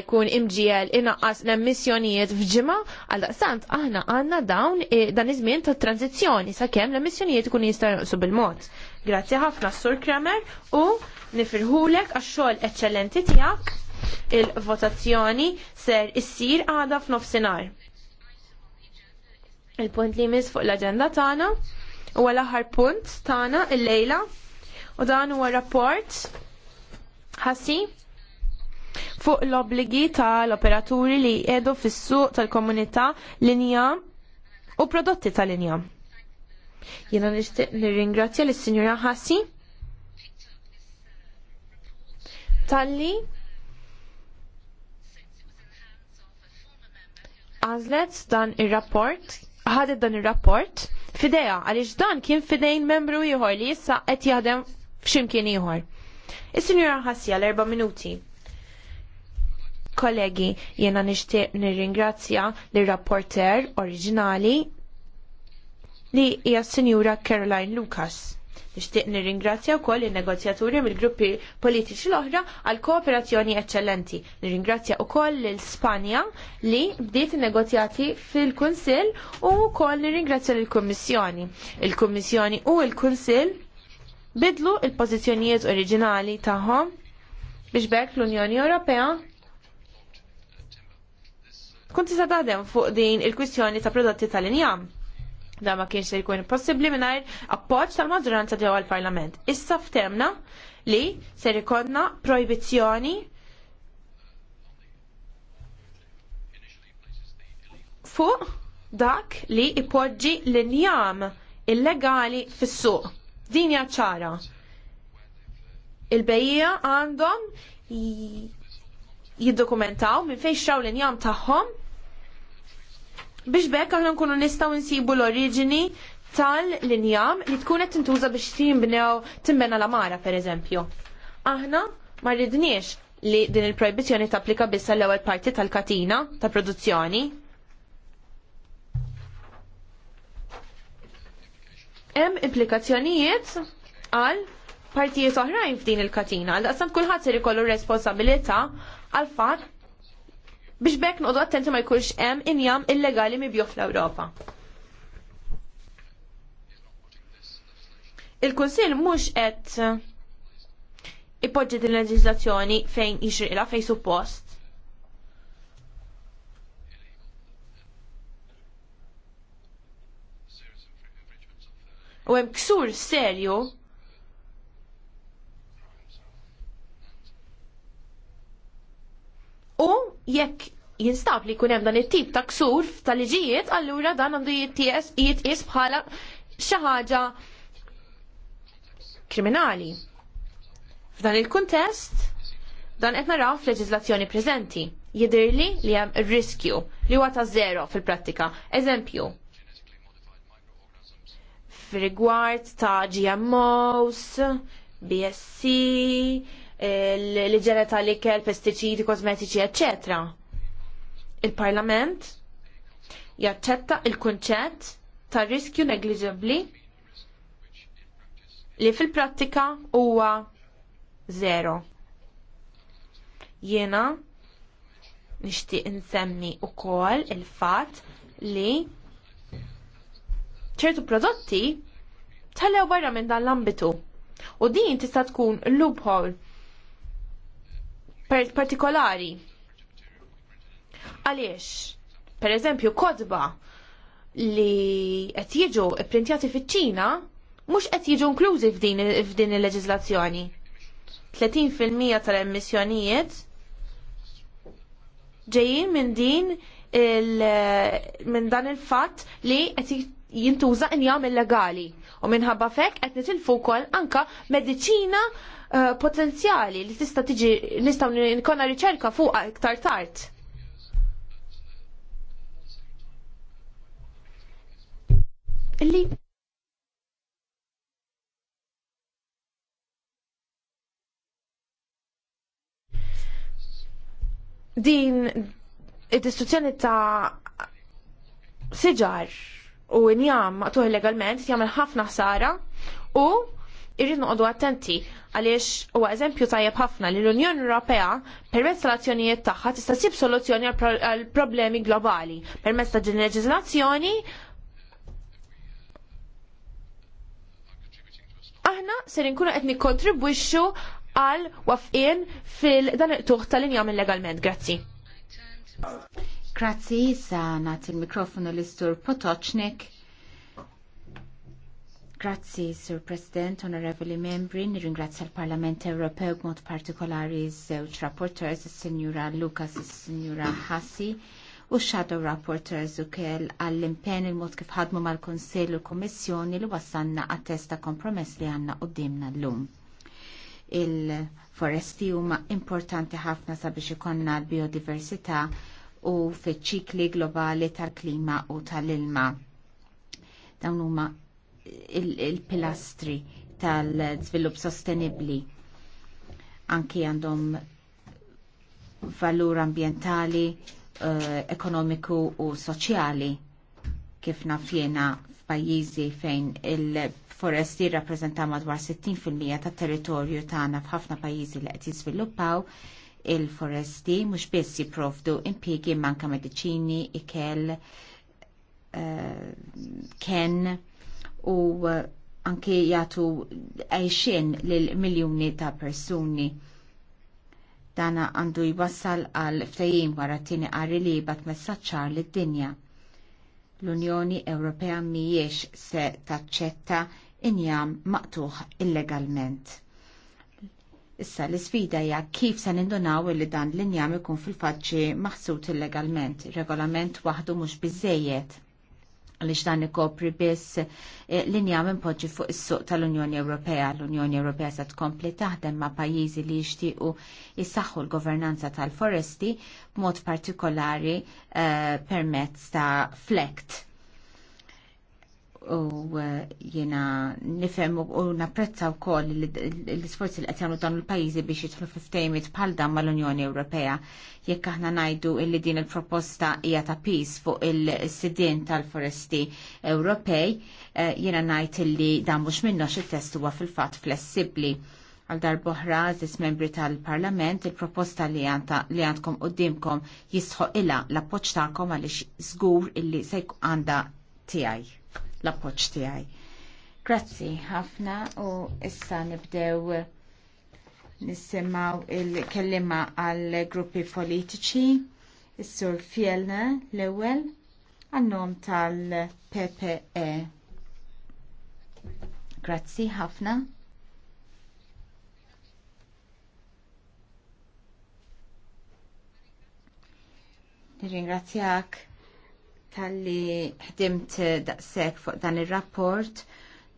jkun imġiel inaqqas l-emissjonijiet f'ġimgħa, għal daqstant aħna għandna dawn dan iż-żmien ta' tranzizzjoni sakemm l-emissjonijiet ikun jista' jonqsu bil-mod. Grazzi ħafna Sur Kramer u nifirħulek għax-xogħol eċċellenti tiegħek il-votazzjoni ser issir għada f'nofsinhar. Il-punt li jmiss fuq l-aġenda tagħna huwa l-aħħar punt tagħna il-lejla u dan huwa rapport ħassi fuq l-obligi tal-operaturi li jedu fis-suq tal-komunità linja u prodotti tal-linja. Jena nishtiq nirringrazzja l-Sinjura Hassi tal-li għazlet dan il-rapport, ħadet dan il-rapport, fideja, għalix dan kien fidejn membru ieħor li jissa qed jaħdem f'ximkien ieħor. Is-Sinjura Hassi għal erba minuti. Kollegi, jiena nixtieq nirringrazzja lir-rapporter oriġinali li hija Sinjura Caroline Lucas. Nixtieq nirringrazzja wkoll in-negozjaturi mill-gruppi politiċi l-oħra għal kooperazzjoni eċċellenti. Nirringrazzja wkoll lil Spanja li bdiet negozjati fil-Kunsill u wkoll nirringrazzja lill kummissjoni Il-Kummissjoni u l-Kunsill bidlu il-pożizzjonijiet oriġinali tagħhom biex bekk l-Unjoni Ewropea tkun tista' taħdem fuq din il-kwistjoni ta' prodotti tal-injam. Da ma kienx se jkun possibbli mingħajr appoġġ tal-maġġoranza ġewwa l-Parlament. Issa ftemna li ser jkollna proibizzjoni fuq dak li ipoġġi l-injam illegali fis-suq. Din hija ċara. Il-bejja għandhom jiddokumentaw minn fejn xraw l-injam tagħhom Biex bekk aħna nkunu nistgħu nsibu l-oriġini tal-linjam li tkun qed tintuża biex tinbnew timbena l-amara pereżempju. Aħna ma rridniex li din il-proibizjoni tapplika biss l ewwel parti tal-katina ta' produzzjoni. Hemm implikazzjonijiet għal partijiet oħrajn f'din il-katina, għal daqsan kulħadd irid ikollu responsabilità għal fatt biex bekk noqdu attenti ma jkunx hemm injam illegali mibjuħ fl-Ewropa. Il-Kunsill mhux qed ipoġġi din leġiżlazzjoni fejn jixrilha fejn suppost. U hemm ksur serju u jekk jinstab li kunem dan it-tip ta' ksur tal-liġijiet, allura dan għandu jitqies bħala xi ħaġa kriminali. F'dan il-kuntest, dan qed naraw f'leġiżlazzjoni preżenti. Jidirli li hemm riskju li huwa ta' zero fil-prattika. Eżempju, f'rigward ta' GMOs, BSC, li ġenet tal-ikel, pestiċidi, kosmetiċi, eccetera. Il-Parlament jaċċetta il-kunċett ta' riskju negliġibbli li fil-prattika huwa zero. Jiena nixtieq insemmi wkoll il-fatt li ċertu prodotti tal barra minn dan l-ambitu. U din tista' tkun loophole partikolari. Għaliex, per eżempju, kodba li qed jiġu ipprintjati fiċ-Ċina mhux qed jiġu inklużi f'din il-leġiżlazzjoni. 30% tal-emissjonijiet ġejjin minn din minn dan il-fatt li qed jintuża injam illegali u minħabba fekk qed nitilfu wkoll anka mediċina Eh, potenzjali li tista' tiġi nistgħu nkollna riċerka fuqha iktar tard. din id-distruzzjoni ta' siġar u injam maqtuħ illegalment jagħmel ħafna ħsara u irrid noqogħdu attenti għaliex huwa eżempju tajjeb ħafna li l-Unjoni Ewropea permezz tal-azzjonijiet tagħha tista' tsib soluzzjoni għal problemi globali permezz ta' din leġiżlazzjoni aħna ser inkunu qed nikkontribwixxu għal wafqien fil-dan it tuħ tal-injam illegalment. Grazzi. Grazzi, sa nagħti il-mikrofonu l-istur Potoċnik Grazzi, Sur President, Onorevoli Membri, nirringrazzja l-Parlament Ewropew b'mod partikolari żewġ rapporteurs, is-Sinjura Lucas, is-Sinjura Hassi, u Shadow Rapporteurs ukoll għall-impenn il-mod kif ħadmu mal-Kunsill u l-Kummissjoni li wassanna għat kompromess li għandna qudiemna llum. Il-foresti huma importanti ħafna sabiex ikonna l-biodiversità u fiċ-ċikli globali tal-klima u tal-ilma. Dawn huma il-pilastri il pilastri tal żvilupp sostenibbli anki għandhom valur ambientali, eh, ekonomiku u soċjali kif naf jiena f'pajjiżi fejn il-foresti rappresentaw madwar 60% tat-territorju tagħna f'ħafna pajjiżi li qed jiżviluppaw il-foresti mhux biss jipprovdu impjiegi manka mediċini, ikel, kenn. Eh, ken, u eh, anke jagħtu għajxin lil miljuni ta' persuni. Dana għandu jwassal għal ftejim wara t-tieni qari li bat messaċċar lid-dinja. L-Unjoni Ewropea mhijiex se taċċetta injam maqtuħ illegalment. Issa l-isfida hija kif se nindunaw li dan l-injam ikun fil-faċċi maħsut illegalment, regolament waħdu mhux biżejjed għaliex dan ikopri biss eh, l minn poġi fuq is-suq tal-Unjoni Ewropea. L-Unjoni Ewropea se tkompli taħdem ma' pajjiżi li jixtiequ jissaxu l-governanza tal-foresti b'mod partikolari eh, permezz ta' FLECT u jena nifem u napprezza u koll l-sforzi li għatjanu dan l-pajizi biex jitħlu fiftejmit bħal dan mal-Unjoni Ewropea. Jekk aħna najdu illi din il-proposta hija ta' pis fuq il sidien tal-foresti Ewropej, eh, jena najt illi dan mux minnox il-test huwa fil-fat flessibli għal darboħra zis membri tal-parlament il-proposta li għandkom u dimkom jisħu illa l-appoċ ta'kom għalix zgur illi sejk għanda tijaj l-appoġġ tiegħi. Grazzi ħafna u issa nibdew nissimaw il-kellima għal gruppi politiċi. Is-sur Fjellna l-ewwel għan-nom tal-PPE. Grazzi ħafna. Nirringrazzjak tal-li ħdimt eh, daqsek fuq dan il-rapport.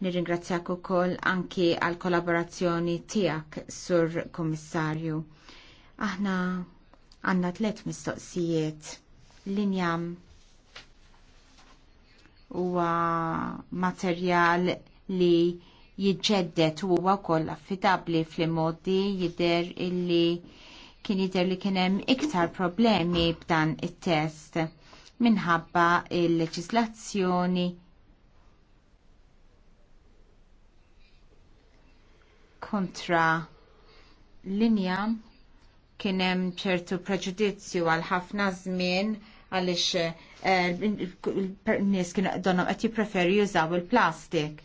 Nirringrazzjak u koll anki għal kollaborazzjoni tijak sur komissarju. Aħna għanna tlet mistoqsijiet linjam u materjal li jidġeddet u huwa wkoll affidabbli fl-modi jider illi kien jidher li kien hemm iktar problemi b'dan it-test minħabba il-leġislazzjoni kontra linja kien hemm ċertu preġudizzju għal ħafna żmien għaliex eh, nis kienu donhom qed jippreferi jużaw il-plastik.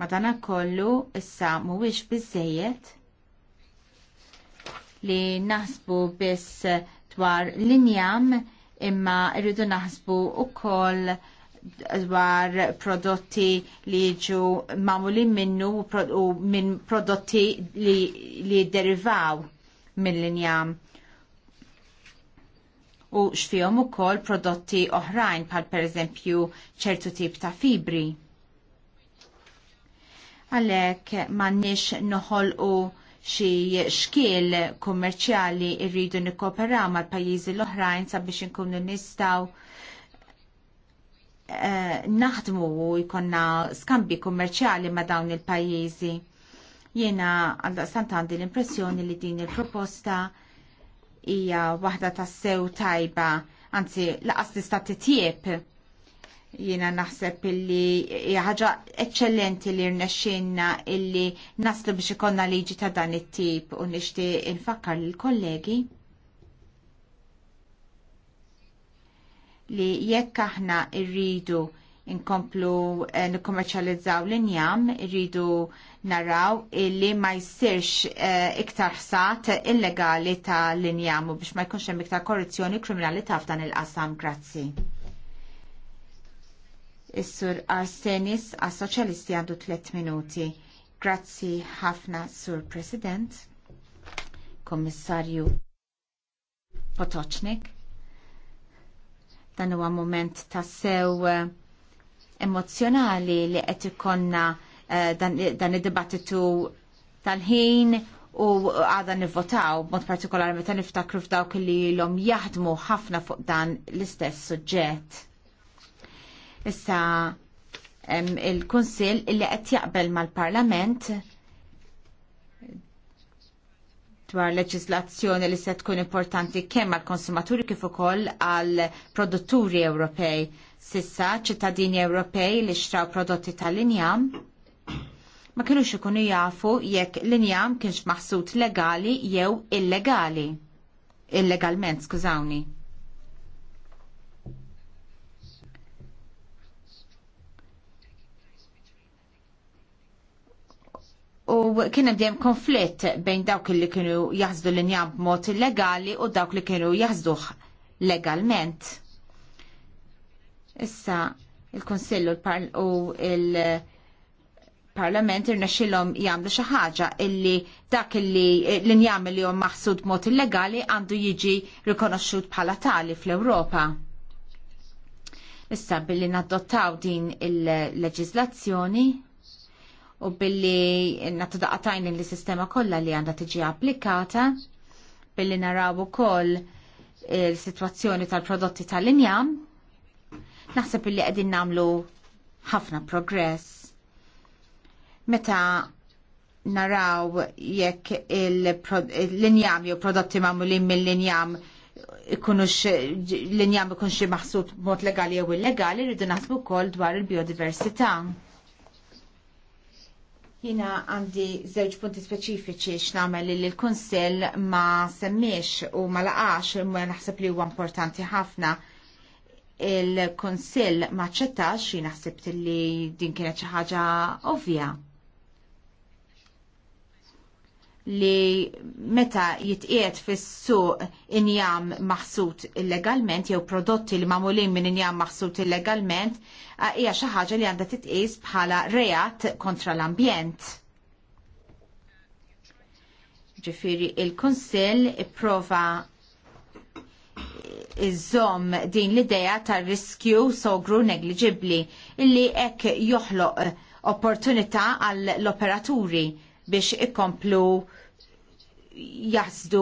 Madana kollu issa mhuwiex biżejjed li nasbu biss dwar linjam imma rridu naħsbu wkoll dwar prodotti li jiġu magħmuli minnu u minn prodotti li, li derivaw mill-injam u xfihom ukoll prodotti oħrajn bħal pereżempju ċertu tip ta' fibri. Għalhekk m'għandniex noħolqu xi xkiel kummerċjali rridu nikkoperaw mal-pajjiżi l-oħrajn sabiex inkunu nistgħu eh, naħdmu u jkollna skambi kummerċjali ma' dawn il-pajjiżi. Jiena għaldaqstant għandi l-impressjoni li din il-proposta hija waħda tas-sew tajba, anzi laqas tista' titjieb Jiena naħseb illi ħaġa eccellenti li rnexxinna illi naslu biex ikonna liġi ta' dan it-tip u nixtieq infakkar lil kollegi li jekk aħna rridu inkomplu eh, nikkommerċjalizzaw l-injam, irridu naraw illi ma jsirx eh, iktar ħsat illegali ta' l-injam u biex ma jkunx hemm iktar korruzzjoni kriminalità f'dan il-qasam. Grazzi. Is-sur Arsenis għas-Soċjalisti għandu tliet minuti. Grazzi ħafna, sur President, Kommissarju Potocznik. Dan huwa moment ta' sew eh, emozjonali li qed ikonna eh, dan, id-dibattitu tal-ħin u għada nivvotaw, mod partikolari meta niftakru f'dawk li l-om jaħdmu ħafna fuq dan l-istess suġġett. Issa il-Kunsill illi qed jaqbel mal-Parlament dwar leġislazzjoni li se tkun importanti kemm għall konsumaturi kif ukoll għall produtturi Ewropej. Sissa ċittadini Ewropej li xtraw prodotti tal-injam ma kienux ikunu jafu jekk l-injam kienx maħsud legali jew illegali. Illegalment, skużawni. u kien hemm dejjem konflitt bejn dawk li kienu jaħsdu l-injam b'mod illegali u dawk li kienu jaħduh legalment. Issa il kunsill u il-Parlament irnexxilhom jagħmlu xi ħaġa illi dak illi l-injam li hom maħsud b'mod illegali għandu jiġi rikonoxxut bħala tali fl-Ewropa. Issa billi nadottaw din il-leġiżlazzjoni u billi natu daqatajn li sistema kollha li għandha tiġi applikata billi naraw ukoll il-sitwazzjoni tal-prodotti tal-injam naħseb illi qegħdin nagħmlu ħafna progress. Meta naraw jekk l-injam jew prodotti mamulin mill-injam ikunux l-injam ikun xi maħsub mod legali jew illegali rridu naħsbu wkoll dwar il-biodiversità. Jina għandi żewġ punti speċifiċi x'namel li l kunsel ma semmiex u ma laqax imma naħseb li huwa importanti ħafna. il kunsel ma ċċettax jina naħseb li din kienet xi ħaġa ovvja li meta jitqiet fis-suq injam maħsut illegalment jew prodotti li mamulin minn injam maħsut illegalment hija xi ħaġa li għandha titqis bħala reat kontra l-ambjent. Ġifieri il-Kunsill ipprova iżżomm din l idea tar riskju sogru negliġibbli illi hekk joħloq opportunità għall operaturi biex ikomplu jaħsdu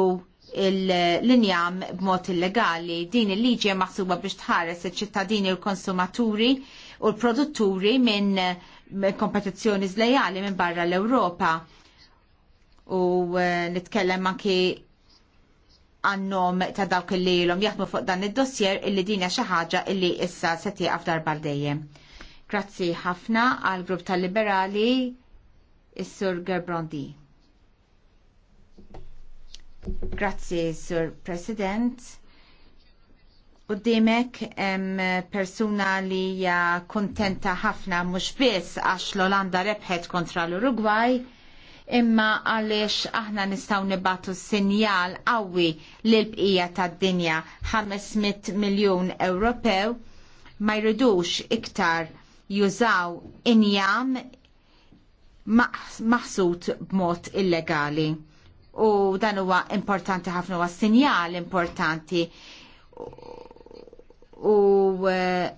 l-injam b'mod illegali. Din il-liġi maħsuba biex tħares il-ċittadini u l-konsumaturi u l-produtturi minn kompetizzjoni zlejali minn barra l-Europa. U eh, nitkellem anki għannom ta' dawk li l-om jaħdmu fuq dan id-dossier illi xi ħaġa illi issa seti għafdar dejjem. Grazzi ħafna għal grupp tal-liberali, is-sur Gerbrandi. Grazzi, Sur President. U dimek persuna li ja kontenta ħafna mhux biss għax l-Olanda rebħet kontra l-Urugwaj, imma għaliex aħna nistgħu nibatu sinjal qawwi l bqija tad-dinja 500 miljun Ewropew ma jridux iktar jużaw injam maħsut b'mod illegali u dan huwa importanti ħafna huwa sinjal importanti u eh,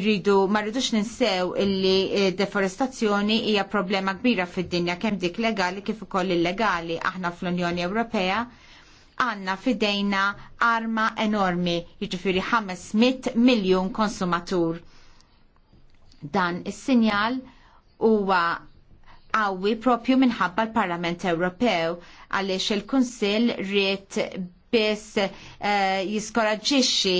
rridu ma rridux ninsew illi eh, deforestazzjoni hija problema kbira fid-dinja kemm dik legali kif ukoll illegali aħna fl-Unjoni Ewropea għanna fidejna arma enormi, jiġifieri 500 miljun konsumatur. Dan is-sinjal huwa għawi propju minħabba l-Parlament Ewropew għaliex il-Kunsill rrit biss uh, jiskoraġġixxi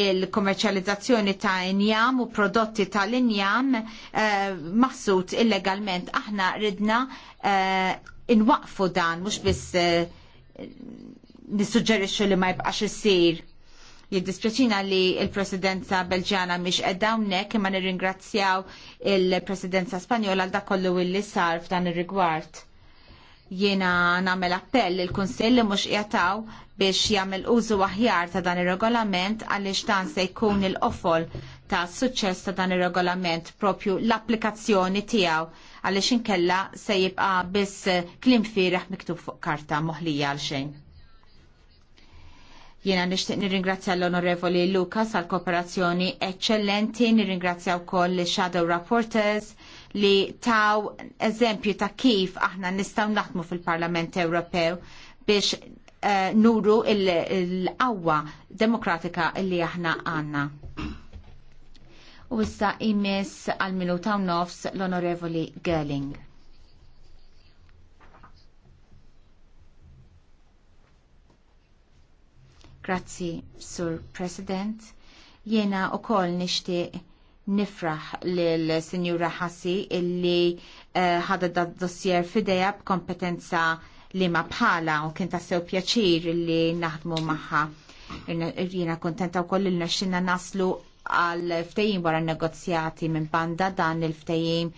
il-kommerċjalizzazzjoni ta' injam u prodotti tal-injam uh, eh, maħsut illegalment. Aħna ridna eh, inwaqfu dan mhux biss nissuġġerixxu li ma jibqax isir Jiddispjaċina li l presidenza Belġana miex hawnhekk imma nirringrazzjaw il-Presidenza Spanjola għal dak kollu illi sar f'dan ir-rigward. Jiena nagħmel appell il kunsill li mhux jataw biex jagħmel użu aħjar ta' dan ir-regolament għaliex dan se jkun il-qofol ta' suċċess ta' dan ir-regolament propju l-applikazzjoni tiegħu għaliex inkella se jibqa' biss klim firaħ miktub fuq karta moħlija għal xejn. Jena nishtiq nirringrazzja l-Onorevoli Lukas għal kooperazzjoni eccellenti, nirringrazzja wkoll l-Shadow Rapporters li taw eżempju ta' kif aħna nistaw naħdmu fil-Parlament Ewropew biex uh, nuru l-qawwa demokratika li aħna għanna. U issa imis għal minuta u nofs l-Onorevoli Gerling. Grazzi, Sur President. Jena u koll nishtiq nifraħ l-Sinjura Hassi illi eh, ħadda uh, dossier fideja b'kompetenza li ma bħala u kien tassew pjaċir illi naħdmu maħħa. Jena kontenta u koll il-naxxina naslu għal ftejim wara negozjati minn banda dan il-ftejim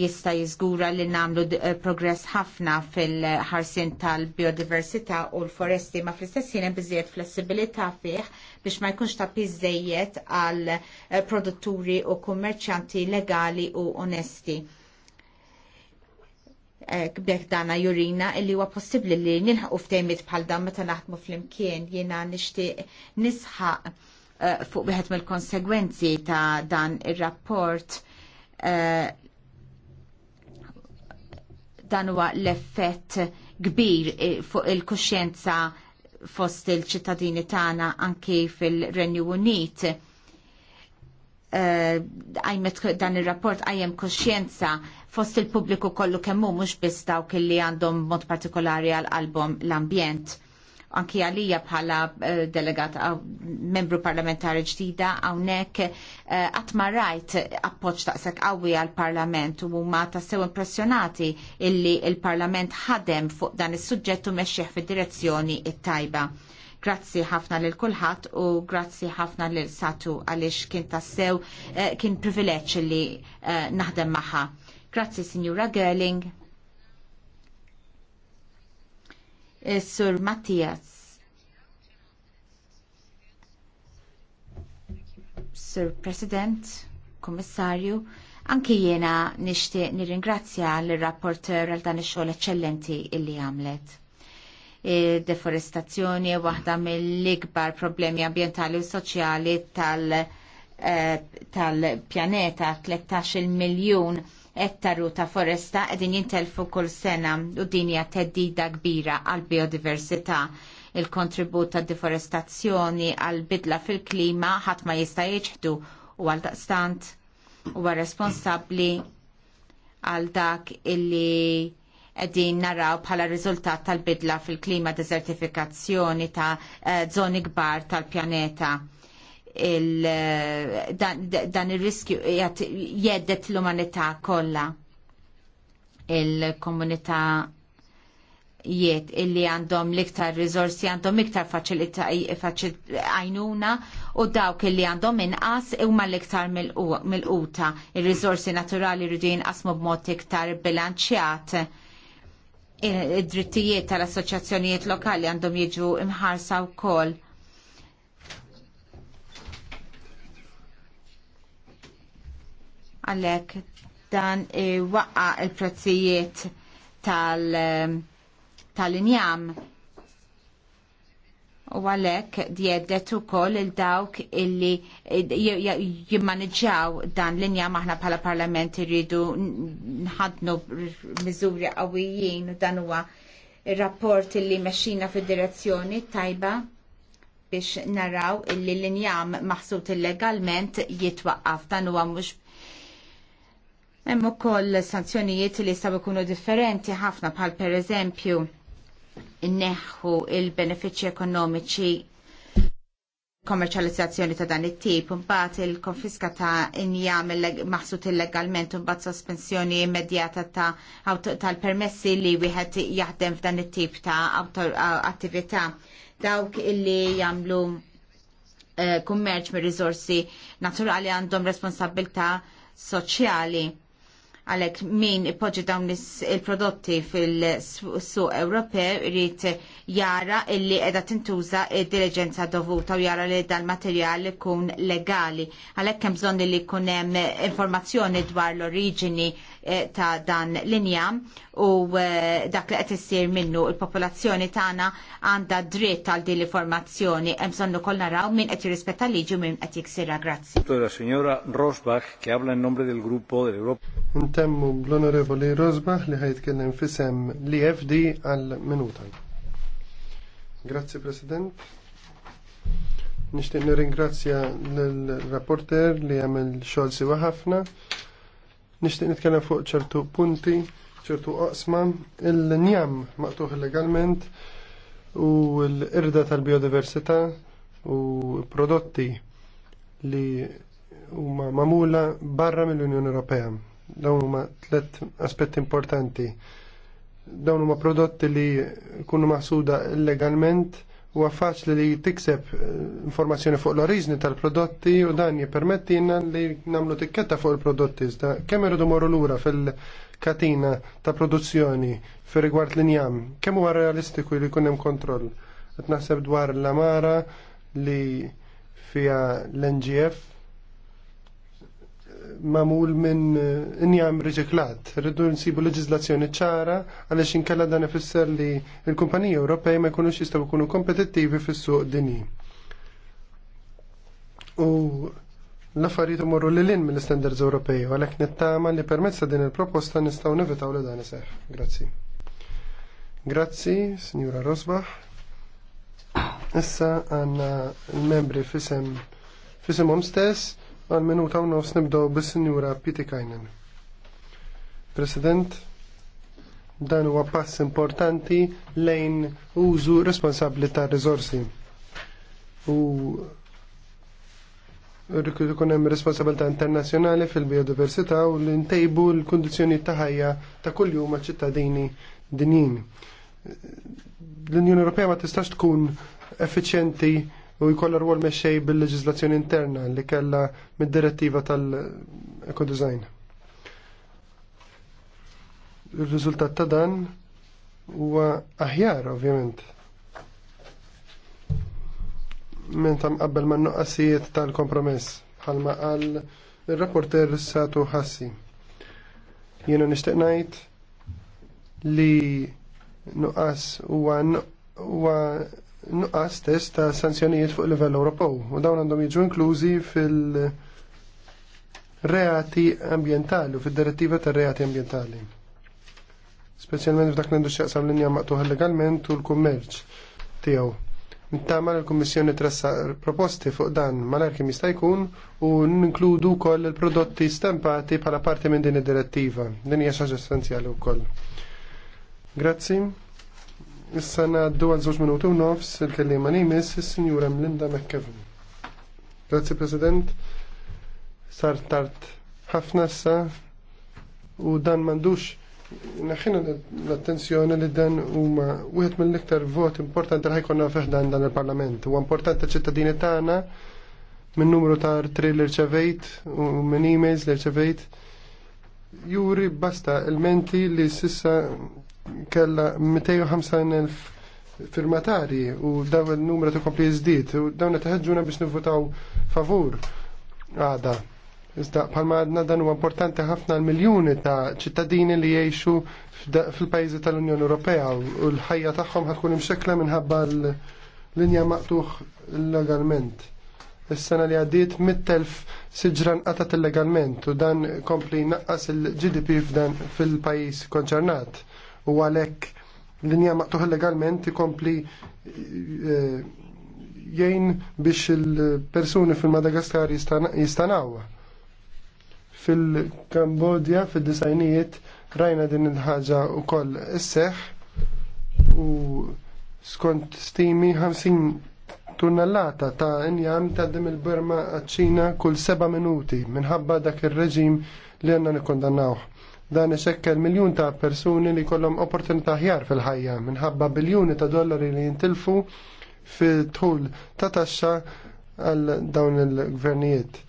jista' jiżgura li namlu eh, progress ħafna fil-ħarsin tal-biodiversità u l-foresti ma fl-istess jiena biżjed flessibilità fih biex ma jkunx ta' piżejjed għal eh, produtturi u kummerċanti legali u onesti kbek eh, dana jurina illi huwa possibbli li nilħu ftejmit bħal dan meta naħdmu fl-imkien jiena nixtieq nisħaq Eh, fuq wieħed mill-konsegwenzi ta' dan ir-rapport eh, dan huwa l-effett kbir eh, fuq il-kuxjenza fost il-ċittadini tagħna anki fil-Renju Unit. Għajmet uh, dan il-rapport għajem kuxjenza fost il-pubbliku kollu kemmu mux biss dawk li għandhom mod partikolari għal-album l-ambjent anki għalija bħala eh, delegat eh, membru parlamentari ġdida għawnek eh, għatma rajt appoċ taqsek għawi għal-parlament u ma tassew impressjonati illi il-parlament ħadem fuq dan is suġġett meċċieħ fi direzzjoni it-tajba. Grazzi ħafna lil kulħadd u grazzi ħafna lil Satu għaliex kien tassew kien privileġġ li naħdem magħha. Grazzi Signora Gerling. Sur Mattias. Sur President, Kommissarju, anki jiena nixtieq nirringrazzja l-rapporter għal dan ix-xogħol eċċellenti illi għamlet. Deforestazzjoni waħda mill-ikbar problemi ambjentali u soċjali tal- Eh, tal-pjaneta 13 miljon ettaru ta' foresta edin jintelfu kull sena u dinja teddida kbira għal biodiversità il-kontribut ta' deforestazzjoni għal bidla fil-klima ħadd ma jista' jiġħdu u għal daqstant huwa responsabbli għal dak illi qegħdin naraw bħala riżultat tal-bidla fil-klima desertifikazzjoni ta' eh, zoni kbar tal-pjaneta Eh, dan, il-riskju jeddet l-umanità kollha il-komunità jiet illi għandhom liktar rizorsi għandhom iktar għajnuna u dawk illi għandhom inqas u ma liktar mil quta Il-rizorsi naturali rridu jinqasmu b'mod iktar bilanċjat. Id-drittijiet tal-assoċjazzjonijiet lokali għandhom jiġu imħarsa wkoll għalek dan waqqa il-prezzijiet ehm, tal-injam u għalek djeddet u koll il-dawk illi jimmanġaw dan l-injam aħna pala parlament irridu nħadnu mizuri għawijin u dan huwa il-rapport illi meċina fil-direzzjoni tajba biex naraw illi l-injam maħsut illegalment jitwaqqaf dan huwa mhux Hemm ukoll sanzjonijiet li jistgħu jkunu differenti ħafna bħal pereżempju inneħħu il-benefiċċji ekonomiċi kommerċjalizzazzjoni ta' dan it-tip, imbagħad il-konfiska ta' injam maħsut illegalment u mbagħad sospensjoni immedjata ta' tal-permessi li wieħed jaħdem f'dan it-tip ta' attività. Dawk illi jagħmlu eh, kummerċ mir-riżorsi naturali għandhom responsabilità soċjali għalek min ipoġġi dawn il-prodotti fil-suq Ewropew rrit jara illi edha tintuża il diligenza dovuta u jara li dal-materjal ikun legali. Għalek hemm bżonn li jkun hemm informazzjoni dwar l origini eh, ta' dan l-injam u eh, dak li qed issir minnu il-popolazzjoni tagħna għandha dritt għal din l-informazzjoni. Hemm bżonn ukoll naraw min qed jirrispetta liġi u min qed jiksirha. Grazzi. Signora Rosbach, che habla in del gruppo dell'Europa. Intemmu bl-Onorevoli Rosbach li ħajtkellem fisem li FD għal minuta. Grazzi President. Nishtiq nirringrazzja l-rapporter li għamil xogħol siwa ħafna. Nishtiq nitkellem fuq ċertu punti, ċertu oqsma, il-njam maqtuħ legalment u l-irda tal-biodiversità u prodotti li huma mamula barra mill-Unjoni Ewropea. Dawn huma tliet aspetti importanti. Dawn huma prodotti li jkunu maħsuda illegalment u faċli li tikseb eh, informazzjoni fuq l orizni tal-prodotti u dan jippermetti li namlu tikketta fuq il-prodotti. Kemm irridu morru lura fil-katina ta' produzzjoni fil rigward l-injam, kemm huwa realistiku li jkun hemm kontroll? Qed naħseb dwar l-amara li fija l-NGF mamul minn eh, injam reġeklat. Rridu nsibu leġizlazzjoni ċara għaliex inkella dan ifisser li l-kumpaniji Ewropej ma jkunux jistgħu jkunu kompetittivi fis-suq dinji. U l-affarijiet imorru li lin mill-standards Ewropej għalhekk nittama li permezz din il-proposta nistgħu nevitaw li dan iseħħ. Grazzi. Grazzi, Signora Rosbach. Issa għandna l-membri fisem fisimhom stess għal minuta u nofs nibdow bis-Sinjura Pitikajnen. President, dan huwa pass importanti lejn użu responsabli ta' rizorsi. U ikun hemm responsabilità internazjonali fil biodiversita u l ntejbu l kondizjoni ta' ħajja ta' kull-jum ma' ċittadini dinjin. L-Unjoni Ewropea ma tistax tkun effiċjenti u jkollha rwol mexxej bil-leġiżlazzjoni interna li kellha mid-direttiva tal-ecodesign. Ir-riżultat ta' dan huwa aħjar ovvjament. tam qabel man nuqqasijiet tal-kompromess bħalma qal ir-rapporter Satu Ħassi. Jiena nixtieq ngħid li nuqqas huwa nuqqas test ta' sanzjonijiet fuq livell Ewropew u dawn għandhom jiġu inklużi fil-reati ambientali u fil-direttiva tar reati ambientali. Speċjalment f'dak l-għandu xaqsam linja maqtuħ legalment u l-kummerċ tiegħu. Nittama l-Kommissjoni tressa proposti fuq dan malar kim jista' jkun u ninkludu wkoll il-prodotti stampati bħala parti minn din id-direttiva. Din hija xaġa essenzjali wkoll. Grazzi. Issa ngħaddu għal zoċ minuti u nofs il-kellima li jmiss il sinjura Melinda McKevin. Grazie, President, sar tard ħafna sa u dan mandux naħħina l-attenzjoni li dan u huma wieħed mill-iktar vot importanti li ħajkonna feħdan dan il-Parlament. U importanti ċittadini tagħna minn numru ta' tri li rċevejt u minn emails li rċevejt juri basta il-menti li sissa kella 250.000 firmatari u dawn il-numru ta' kompli jizdit u dawn taħġuna biex nivvotaw favur għada. Iżda palma għadna dan huwa importanti ħafna l-miljuni ta' ċittadini li jgħixu fil-pajjiżi tal-Unjoni Ewropea u l-ħajja tagħhom ħakun imxekla minħabba l-linja maqtuħ legalment. Is-sena li għaddiet mit-telf siġran qatat illegalment u dan kompli naqqas il-GDP f'dan fil-pajjiż konċernat u għalhekk linja maqtuħ legalment ikompli eh, jgħin biex il-persuni fil-Madagaskar jistanaw. Fil-Kambodja, fil-disajnijiet, rajna din il-ħagġa u koll s-seħ u skont stimi 50 tunnellata ta' injam ta' dim il-Burma ċina kull seba minuti minħabba dak il-reġim li għanna nikondannawħ. Dan isekkel miljun ta' persuni li kollhom opportunità ħjar fil-ħajja minħabba biljuni ta' dollari li jintilfu fil-tħul ta' taxxa għal dawn il-gvernijiet.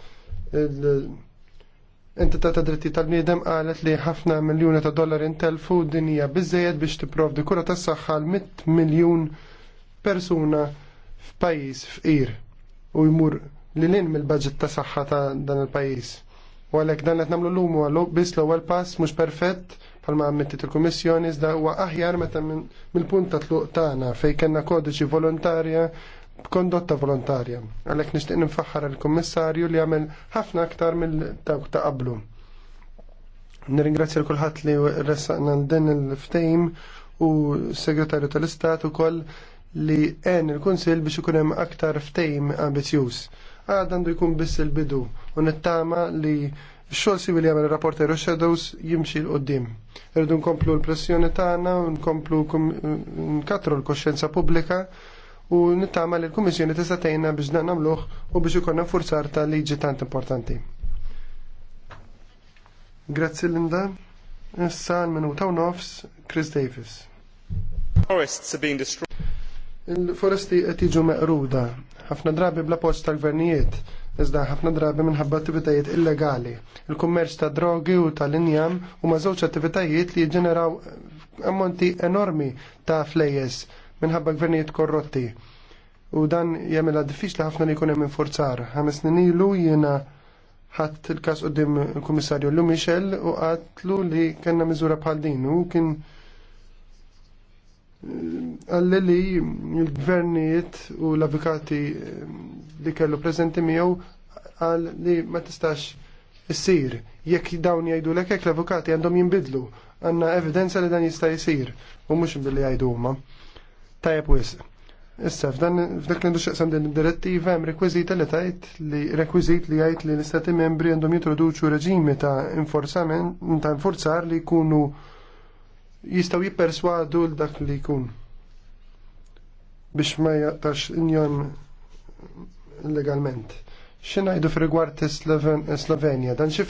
Entità ta' dritti tal-bniedem qalet li ħafna miljuni ta' dollari intelfu dinija biżejjed biex tipprovdi kura tas-saħħa għal 100 miljun persuna f'pajjiż fqir u jmur li l-in mill-budget ta' saħħa ta' dan il-pajis. U għalek dan qed nagħmlu lumu għallu biss l-ewwel pass mhux perfett bħalma ammettit il-Kummissjoni iżda huwa aħjar meta mill-punt ta' tluq tagħna fej kellna kodiċi volontarja b'kondotta volontarja. Għalhekk nixtieq nifaħħar il-Kummissarju li għamel ħafna aktar mill-dawk ta' qablu. Nirringrazzja kulħadd li ressaqna din il-ftejm u segretarju tal-Istat ukoll li għen il-Kunsil biex ikun hemm aktar ftejm ambizjuż għad għandu jkun biss il-bidu u nittama li xol siwi li il rapporter u shadows jimxi l-qoddim. Rridu nkomplu l-pressjoni tagħna u nkomplu nkatru l-kosċenza pubblika u nittama li l-Kummissjoni tista' tgħinna biex dan nagħmluh u biex ikonna forzar ta' liġi tant importanti. Grazzi Linda. Issa l-minuta u nofs Chris Davis. Forests Il-foresti qed jiġu meqruda ħafna drabi bla post tal-gvernijiet, iżda ħafna drabi minħabba attivitajiet illegali. Il-kummerċ ta' drogi u tal-injam huma żewġ attivitajiet li ġeneraw ammonti enormi ta' flejes minħabba gvernijiet korrotti. U dan jagħmilha diffiċli ħafna li jkun hemm infurzar. Ħames snin ilu jiena ħadd il-każ qudiem il-Kummissarju Lu u qatlu li kellna miżura bħal din u kien għalli li l-gvernijiet u l-avukati eh, li kellu prezenti miegħu għal li ma tistax issir. Jekk dawn jgħidu l jekk l-avukati għandhom jinbidlu, għanna evidenza li dan jista' jisir u mhux billi jgħidu huma. Tajjeb wisq. Issa, f'dak li xaqsam din id-direttiva hemm rekwiżita li tajt li rekwiżit li jgħid li l-istati membri għandhom jintroduċu reġimi ta' inforzament ta' li jkunu jistaw jipperswadu l-dak li jkun biex ma jaqtax injon legalment. Xinajdu f'rigward Slovenja, dan xi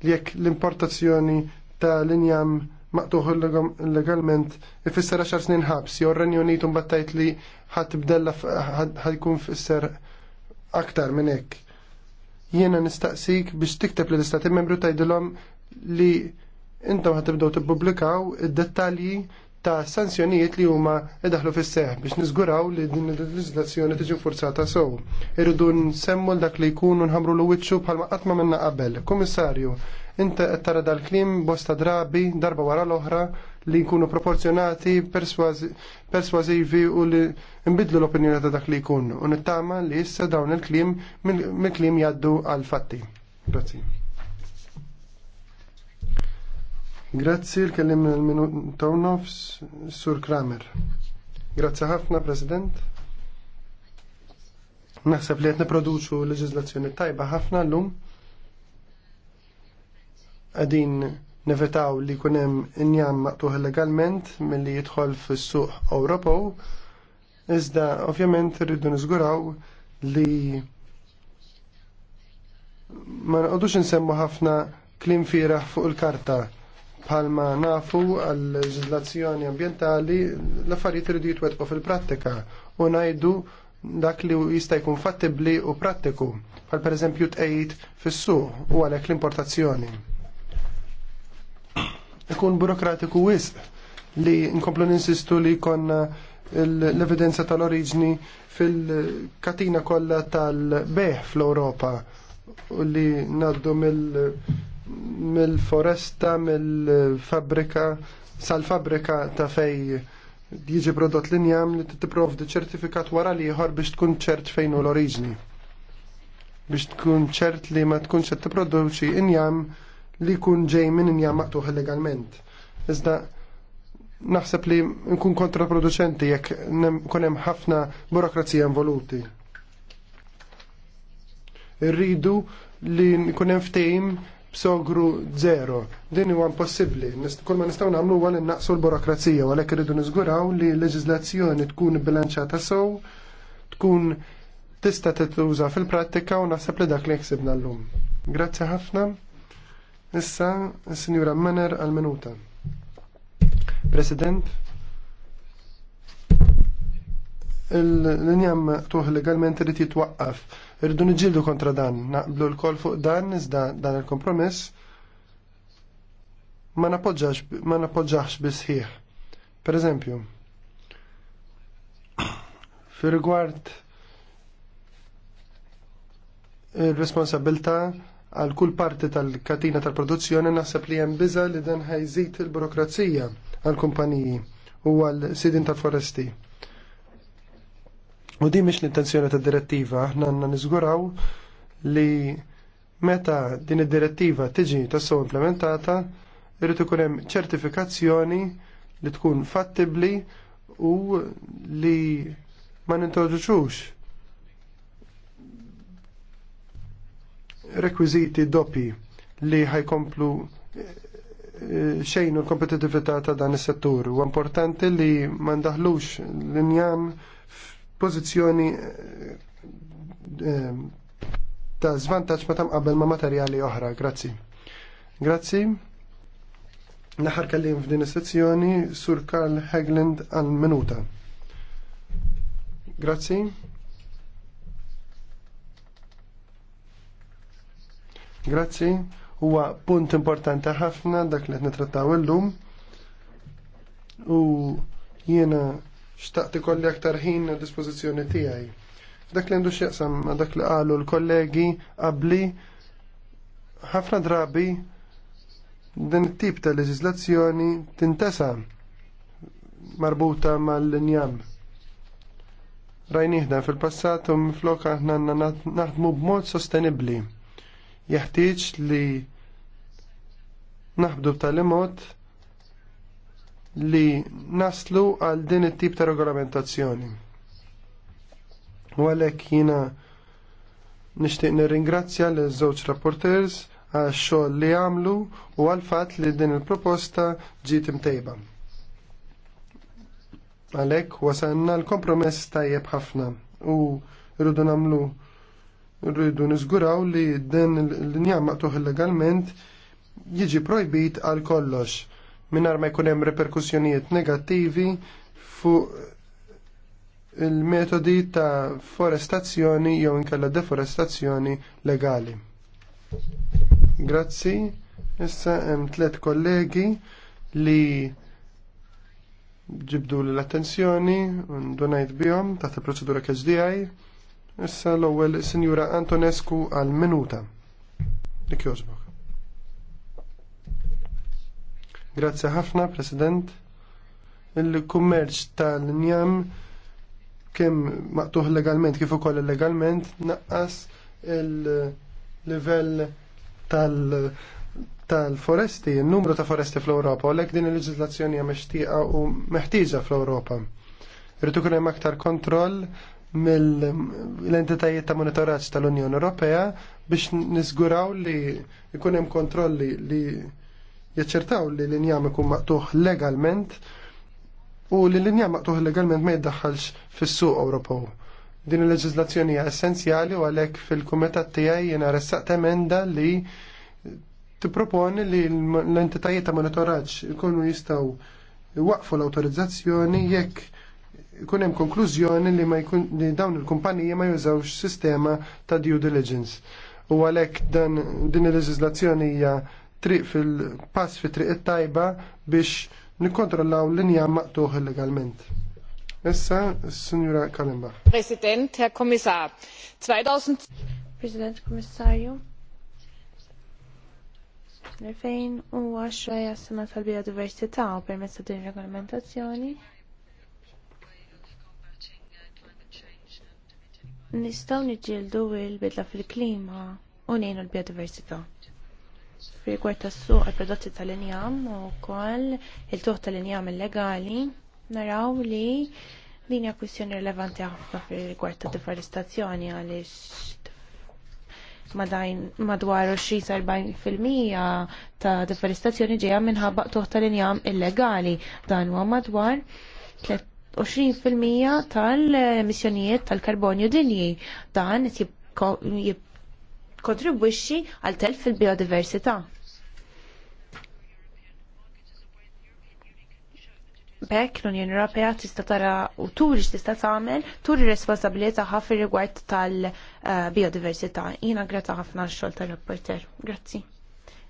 li jekk l-importazzjoni ta' l-injam maqtuħ legalment ifisser 10 snin ħabs, jew r-Renju Unit battajt li ħatibdella ħajkun fisser aktar minn hekk. Jiena nistaqsik biex tikteb l istati membru tgħidilhom li intom ħatibdow tippubblikaw id-dettalji ta' sanzjonijiet li huma idaħlu fis seħħ biex niżguraw li din il legislazzjoni tiġi forzata sew. Irridu nsemmu dak li jkunu nħamru l wiċċu bħalma qatt ma minna qabel. Kummissarju, inta qed tara dal-kliem bosta drabi darba wara l-oħra li jkunu proporzjonati, persważivi u li nbidlu l-opinjoni ta' dak li jkunu. U nittama li issa dawn il-kliem mill-kliem jaddu għal fatti. Grazie. Grazzi l-kellim il-minuta Sur Kramer. Grazzi ħafna, President. Naħseb li qed niproduċu leġizlazzjoni tajba ħafna l-lum. Għadin nevetaw li jkun hemm injam maqtuħ legalment milli jidħol fis-suq Ewropew. Iżda ovvjament irridu niżguraw li ma nqogħdux insemmu ħafna klim firaħ fuq il-karta Palma nafu għal-leġizlazzjoni ambientali l-affarijiet iridu jitwetqu fil-prattika u najdu dak li jista' jkun fattibli u prattiku, bħal pereżempju eżempju fis-suq u għalhekk l-importazzjoni. Ikun burokratiku wisq li nkomplu ninsistu li jkollna l-evidenza tal-oriġni fil-katina kollha tal-beħ fl-Ewropa u li ngħaddu mill- mill-foresta, mill-fabrika, sal-fabrika ta' fej jiġi prodott li njam li t-provdi ċertifikat wara li jħor biex tkun ċert fejn u l-oriġni. Biex tkun ċert li ma tkunx qed produċi injam li kun ġej minn injam maqtuħ legalment. Iżda naħseb li nkun kontraproducenti jekk kun hemm ħafna burokrazija involuti. Irridu li nkun hemm Sogru zero. Din huwa impossibbli. Kull ma nistgħu nagħmlu huwa li naqsu l-burokrazija għalhekk irridu niżguraw li l-leġiżlazzjoni tkun bilanċata sew, tkun tista' titluża fil-prattika u naħseb li dak li ħsibna llum. Grazzi ħafna. Issa, s-Sinjura Manner għal-minuta. President, l-injam tuħ legalment rrit jitwaqqaf Irridu niġildu kontra dan, naqblu l-kol fuq dan, iżda dan il-kompromess ma napoġġax ma napoġġax bisħiħ. Per eżempju, fi rigward il-responsabilta għal kull parti tal-katina tal-produzzjoni naħseb li hemm biża li dan ħajżid il-burokrazija għall kumpaniji u għal sidin tal-foresti. U di mish l-intenzjoni ta' direttiva, aħna għandna niżguraw li meta din id-direttiva tiġi tassew implementata, irrid ikun hemm ċertifikazzjoni li tkun fattibli u li ma nintroduċux rekwiziti doppi li ħajkomplu eh, xejn l-kompetitività ta' dan is-settur. U importanti li ma ndaħlux l-injam pożizzjoni eh, eh, ta' zvantaċ ma tamqabel ma' materjali oħra. Grazzi. Grazzi. Naħar kellim f'din is-sezzjoni sur Karl Hegland għal minuta. Grazzi. Grazzi. Huwa punt importanti ħafna dak li qed nitrattaw illum. U jiena xtaqt ikolli aktar ħin a dispożizzjoni tiegħi. Dak li għandu x'jaqsam ma' dak li qalu l-kollegi qabli ħafna drabi din it-tip ta' leġiżlazzjoni tintesa marbuta mal-injam. Rajniħdan fil-passat u miflok aħna naħdmu b'mod sostenibbli. Jeħtieġ li naħbdu b'tali mod li naslu għal din it-tip ta' regolamentazzjoni. U għalhekk jiena nixtieq nirringrazzja l żewġ rapporters għax xogħol li għamlu u għal fatt li din il-proposta ġiet imtejba. Għalhekk wasanna l-kompromess tajjeb ħafna u rridu nagħmlu rridu niżguraw li din l-injam maqtuħ illegalment jiġi projbit għal kollox minnar ma jkun hemm reperkussjonijiet negattivi fuq il-metodi ta' forestazzjoni jew inkella deforestazzjoni legali. Grazzi. Issa hemm tliet kollegi li ġibdu l-attenzjoni u ndunajt bihom taħt il-proċedura KHDI. Issa l-ewwel Sinjura Antonescu għal minuta. Dik jożbok. Grazzi ħafna, President. Il-kummerċ tal-njam kemm maqtuħ legalment kif ukoll illegalment naqqas il-livell tal- tal-foresti, il-numru ta' foresti fl-Europa, u lek din il-leġizlazzjoni għamextiqa u meħtieġa fl-Europa. Rritu kunem aktar kontroll mill-entitajiet ta' monitoraċ tal-Unjoni Ewropea biex nisguraw li jkun hemm kontrolli li jaċċertaw li l-injam ikun maqtuħ legalment u li l-injam maqtuħ legalment ma jiddaħħalx fis-suq Ewropew. Din il-leġizlazzjoni hija essenzjali u għalhekk fil-kumitat tiegħi jiena ressaqt emenda li tipproponi li l-entitajiet ta' monitoraġġ ikunu jistgħu waqfu l-awtorizzazzjoni jekk ikun hemm konklużjoni li ma jkun li dawn il-kumpaniji ma jużawx sistema ta' due diligence. U għalhekk dan din il-leġiżlazzjoni hija triq fil-pass fi triq it-tajba biex nikkontrollaw linja maqtuħ illegalment. Issa, s Kalimba. President, Herr Kommissar, 2000... President, Kommissarju, 2010 jassana tal-biodiversità u permessa din regolamentazzjoni. Nistaw nġildu il-bidla fil-klima u nejnu l-biodiversità. Rigward tas-suq għal prodotti tal-injam u koll il-tuħ tal-injam illegali naraw li din hija kwistjoni rilevanti ħafna rigward ta' deforestazzjoni għaliex madwar 20-40% ta' deforestazzjoni ġejja minħabba tuħ tal-injam illegali dan huwa madwar 20% tal-emissjonijiet tal-karbonju dinji dan jib tkontribwixxi għal telf fil-biodiversità. Bekk l-Unjoni Ewropea tista' tara u turi x'tista' tagħmel, turi responsabilità tagħha fir-rigward tal-biodiversità. Jiena grata ħafna għax-xogħol tar-rapporter. Grazzi.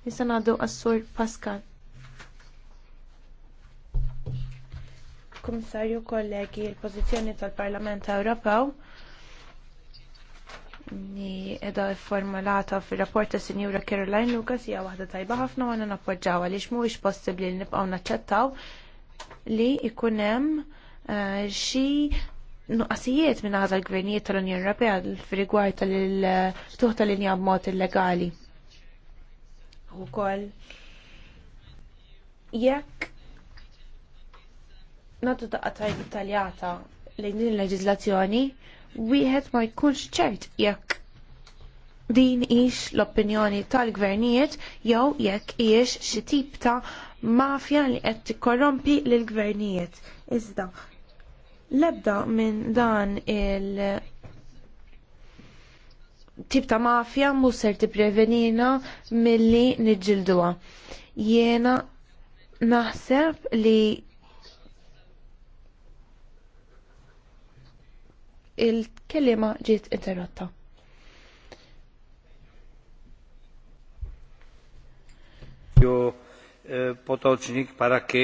Issa ngħaddu għas-sur Pascal. Kummissarju kollegi, il-pożizzjoni tal-Parlament Ewropew li edha formulata fil-rapport ta' Sinjura Caroline Lucas hija waħda tajba ħafna u għana nappoġġaw għaliex mhuwiex possibbli li nibqgħu naċċettaw li jkun hemm eh, xi nuqqasijiet minn ħaża l-gvernijiet tal-Unjoni Ewropea fir-rigward tal-tuħ tal-linja b'mod illegali. Ukoll jekk nagħtu daqqa tajba taljata lejn din il-leġiżlazzjoni wieħed ma jkunx ċert jekk din ix l-opinjoni tal-gvernijiet jew jekk ix xi tip ta' mafja li qed tikkorrompi lill-gvernijiet. Iżda l-ebda minn dan il- tip ta' mafja musser tipprevenina milli niġġilduha. Jiena naħseb li il-kelima ġiet interrotta. Jo eh, para ke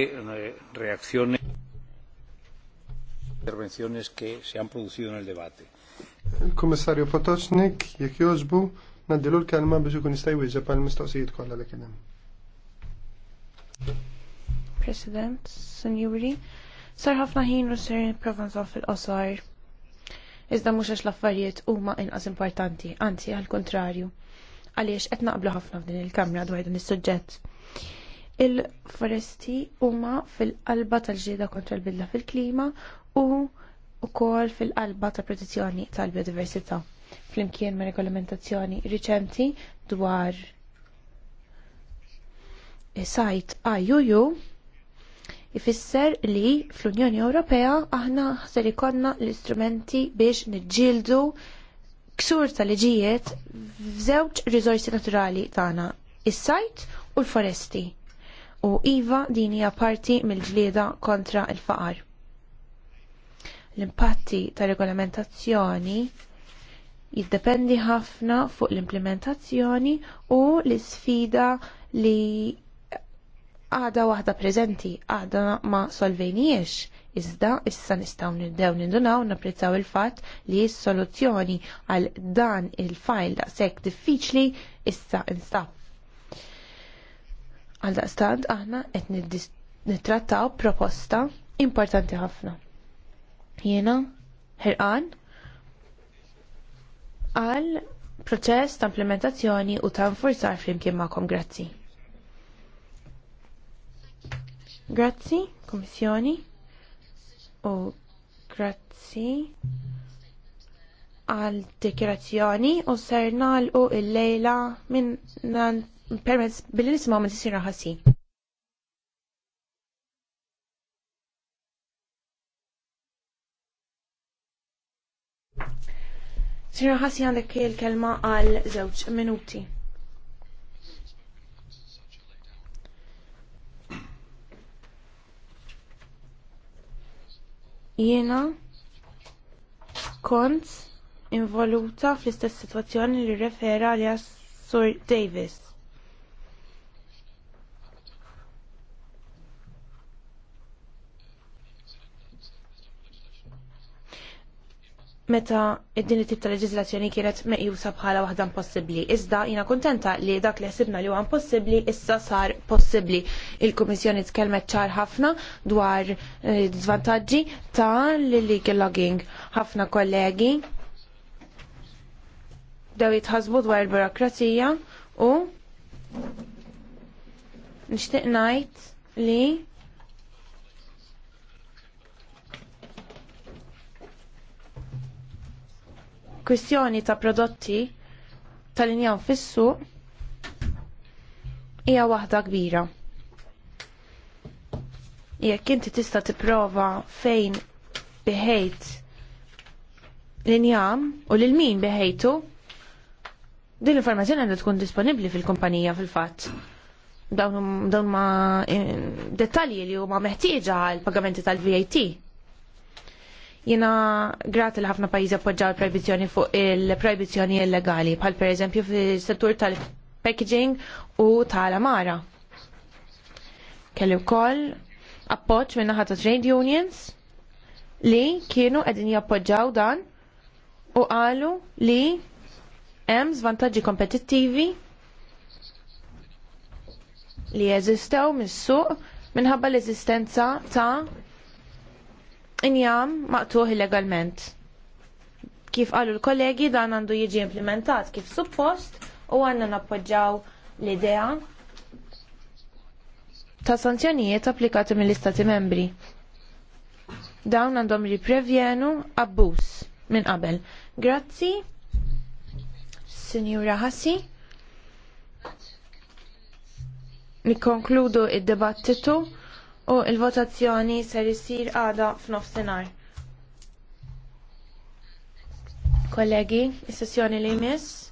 reakzjoni intervenzjonis ke se han producido nel debate. Il-Kummissarju Potocznik, jekk jogħġbu, naddilu l-kelma biex ikun jista' jwieġeb għal mistoqsijiet kollha li kien President, Senjuri, sar ħafna ħin u ser nipprova fil-qosor iżda mhux għax l-affarijiet huma inqas importanti, anzi għall-kontrarju. Għaliex qed naqblu ħafna f'din il-kamra dwar din is-suġġett. Il-foresti huma fil-qalba tal-ġieda kontra l-bidla fil-klima u wkoll fil-qalba ta' protezzjoni tal-biodiversità. Flimkien ma' regolamentazzjoni riċenti dwar sajt IUU Ifisser li fl-Unjoni Ewropea aħna ser ikonna l-istrumenti biex niġġieldu ksur tal-liġijiet f'żewġ riżorsi naturali tagħna, is-sajt u l-foresti. U iva din hija parti mill-ġlieda kontra l-faqar. L-impatti ta' regolamentazzjoni jiddependi ħafna fuq l-implementazzjoni u l-isfida li għada waħda preżenti, għada ma solvenijiex. Iżda issa nistgħu niddew nindunaw napprezzaw il-fatt li s-soluzzjoni għal dan il-fajl daqshekk diffiċli issa instab. Għal daqstant aħna qed nittrattaw proposta importanti ħafna. Jiena ħirqan għal proċess ta' implementazzjoni u ta' nfurzar flimkien magħkom grazzi. Grazzi, Kommissjoni. u grazzi għal dikjerazzjoni u sernal nalqu il-lejla minn permezz billi nisimgħu minn sisira ħassi. Sira ħassi għandek il-kelma għal żewġ minuti. Jiena kont involuta fl-istess situazzjoni li rrifera li Sur Davis. meta id-din it-tip ta' leġiżlazzjoni kienet meqjusa bħala waħda impossibbli. Iżda jiena kuntenta li dak li ħsibna li huwa impossibbli issa sar possibbli. Il-Kummissjoni tkellmet ċar ħafna dwar eh, żvantaġġi ta' l-legal logging. Ħafna kollegi daw jitħasbu dwar il-burokrazija u nixtieq ngħid li kwistjoni ta' prodotti tal-injaw fissu hija waħda kbira. Jekk inti tista' tipprova fejn biħejt l-injam u lil min biħejtu, din l-informazzjoni għandha tkun disponibbli fil-kumpanija fil-fatt. Dawn, dawn ma eh, dettalji li huma meħtieġa għal pagamenti tal-VAT. Jina grat li ħafna pajjiżi appoġġaw il prohibizjoni fuq il prohibizjoni illegali, bħal per eżempju fis-settur tal-packaging u tal-amara. Kelli wkoll appoġġ minn naħa ta' trade unions li kienu qegħdin jappoġġaw dan u qalu li hemm zvantaġġi kompetittivi li jeżistew mis-suq minħabba l-eżistenza ta' injam maqtuħ illegalment. Kif qalu l-kollegi dan għandu jiġi implementat kif suppost u għanna nappoġġaw l-idea ta' sanzjonijiet applikati mill-Istati membri. Dawn għandhom li prevjenu abbuż minn qabel. Grazzi, Signora Hassi. Nikkonkludu id-debattitu u il-votazzjoni ser jisir għada f'nofsinhar. Kollegi, is-sessjoni li jmiss.